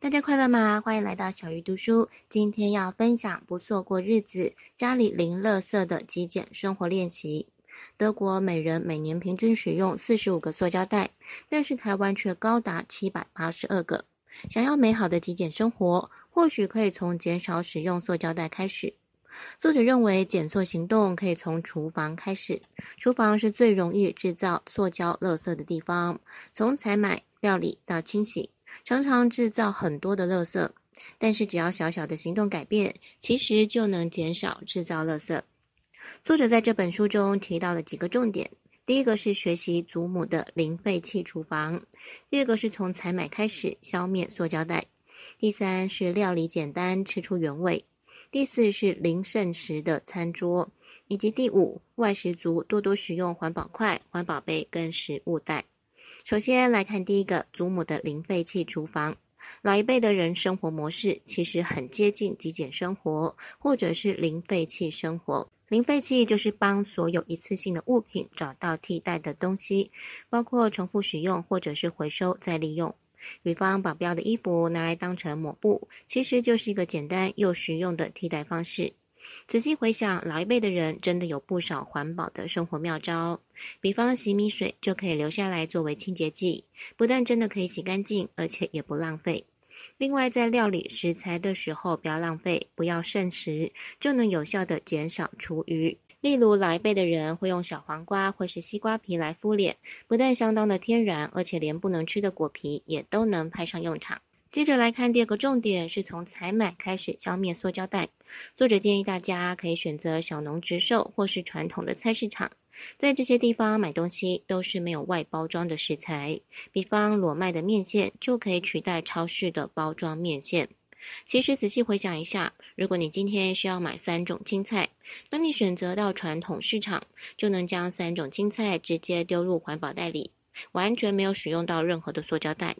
大家快樂嗎？歡迎來到小魚讀書。今天要分享不塑過日子，家裡零垃圾的極簡生活練習。德國每人每年平均使用四十五個塑膠袋，但是台灣卻高達七百八十二個。想要美好的極簡生活，或許可以從減少使用塑膠袋開始。作者認為，減塑行動可以從廚房開始，廚房是最容易制造塑膠垃圾的地方，從採買、料理到清洗。常常製造很多的垃圾，但是只要小小的行動改變，其實就能減少製造垃圾。作者在這本書中提到了幾個重點：第一個是學習祖母的零廢棄廚房；第二個是從採買開始消滅塑膠袋；第三是料理簡單吃出原味；第四是零剩食的餐桌，以及第五外食族多多使用環保筷、環保杯跟食物袋。首先來看第一個祖母的零廢棄廚房。老一輩的人生活模式其實很接近極簡生活，或者是零廢棄生活。零廢棄就是幫所有一次性的物品找到替代的東西，包括重複使用或者是回收再利用。比方把不要的衣服拿來當成抹布，其實就是一個簡單又實用的替代方式。仔細回想，老一輩的人真的有不少環保的生活妙招，比方洗米水就可以留下來作為清潔劑，不但真的可以洗乾淨，而且也不浪費。另外，在料理食材的時候不要浪費，不要剩食，就能有效的減少廚餘。例如，老一輩的人會用小黃瓜或是西瓜皮來敷臉，不但相當的天然，而且連不能吃的果皮也都能派上用場。接着來看第二個重點，是從採買開始消滅塑膠袋。作者建議大家可以選擇小農直售或是傳統的菜市場，在這些地方買東西都是沒有外包裝的食材，比方裸賣的麵線就可以取代超市的包裝面線。其實仔細回想一下，如果你今天需要買三種青菜，當你選擇到傳統市場，就能將三種青菜直接丟入環保袋裡，完全沒有使用到任何的塑膠袋。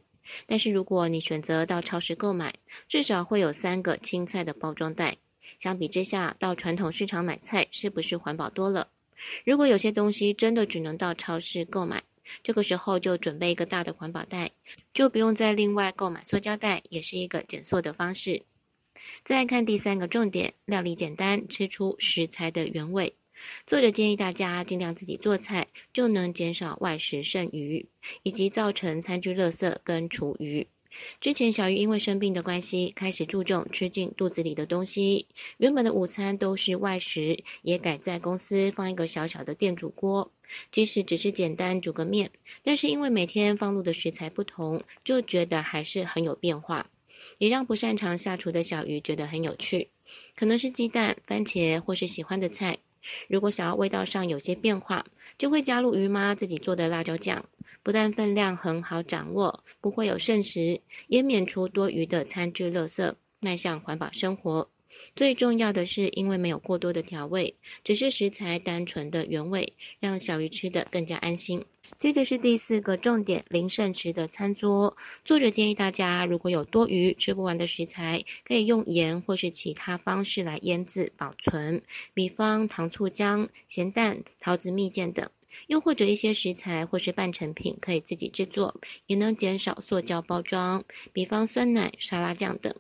但是如果你選擇到超市購買，至少會有三個青菜的包裝袋。相比之下，到傳統市場買菜是不是環保多了？如果有些東西真的只能到超市購買，這個時候就準備一個大的環保袋，就不用再另外購買塑膠袋，也是一個減塑的方式。再看第三個重點，料理簡單，吃出食材的原味。作者建議大家盡量自己做菜，就能減少外食剩餘，以及造成餐具垃圾跟廚餘。之前小魚因為生病的關係，開始注重吃進肚子裡的東西。原本的午餐都是外食，也改在公司放一個小小的電煮鍋，即使只是簡單煮個麵，但是因為每天放入的食材不同，就覺得還是很有變化，也讓不擅長下廚的小魚覺得很有趣。可能是雞蛋、番茄，或是喜歡的菜。如果想要味道上有些變化，就會加入魚媽自己做的辣椒醬。不但分量很好掌握，不會有剩食，也免除多餘的餐具垃圾，邁向環保生活。最重要的是，因為沒有過多的調味，只是食材單純的原味，讓小魚吃得更加安心。接着是第四個重點：零剩食的餐桌。作者建議大家，如果有多餘吃不完的食材，可以用鹽或是其他方式來醃製保存，比方糖醋薑、鹹蛋、桃子蜜餞等；又或者一些食材或是半成品可以自己製作，也能減少塑膠包裝，比方酸奶、沙拉醬等。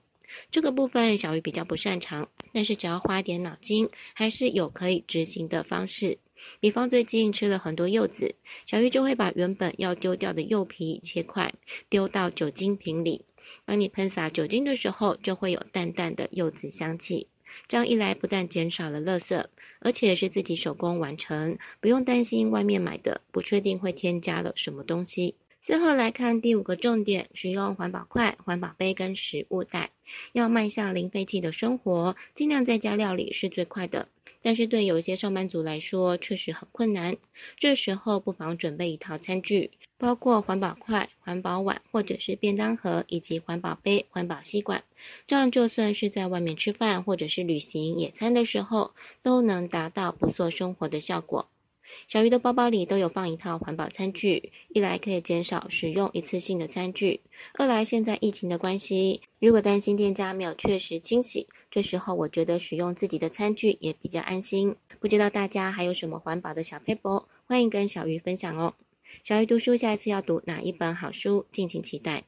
這個部分小魚比較不擅長，但是只要花點腦筋，還是有可以執行的方式。比方最近吃了很多柚子，小魚就會把原本要丟掉的柚皮切塊，丟到酒精瓶裡。當你噴灑酒精的時候，就會有淡淡的柚子香氣。這樣一來，不但減少了垃圾，而且是自己手工完成，不用擔心外面買的不確定會添加了什麼東西。最後來看第五個重點：使用環保筷、環保杯跟食物袋，要邁向零廢棄的生活。盡量在家料理是最快的，但是對有些上班族來說確實很困難。這時候不妨準備一套餐具，包括環保筷、環保碗，或者是便當盒，以及環保杯、環保吸管。這樣就算是在外面吃飯，或者是旅行野餐的時候，都能達到不塑生活的效果。小魚的包包裡都有放一套環保餐具，一來可以減少使用一次性的餐具，二來現在疫情的關係，如果擔心店家沒有確實清洗，這時候我覺得使用自己的餐具也比較安心。不知道大家還有什麼環保的小撇步，歡迎跟小魚分享哦。小魚讀書，下一次要讀哪一本好書，敬請期待。